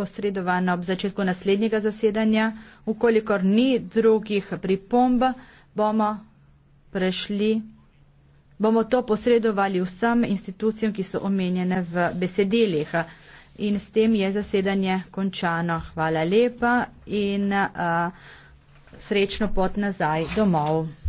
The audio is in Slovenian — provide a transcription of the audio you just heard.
posredovana ob začetku naslednjega zasedanja. Ukolikor ni drugih pripomb, bomo prešli, bomo to posredovali vsem institucijam, ki so omenjene v besedilih. In s tem je zasedanje končano. Hvala lepa in a, eh, srečno pot nazaj domov.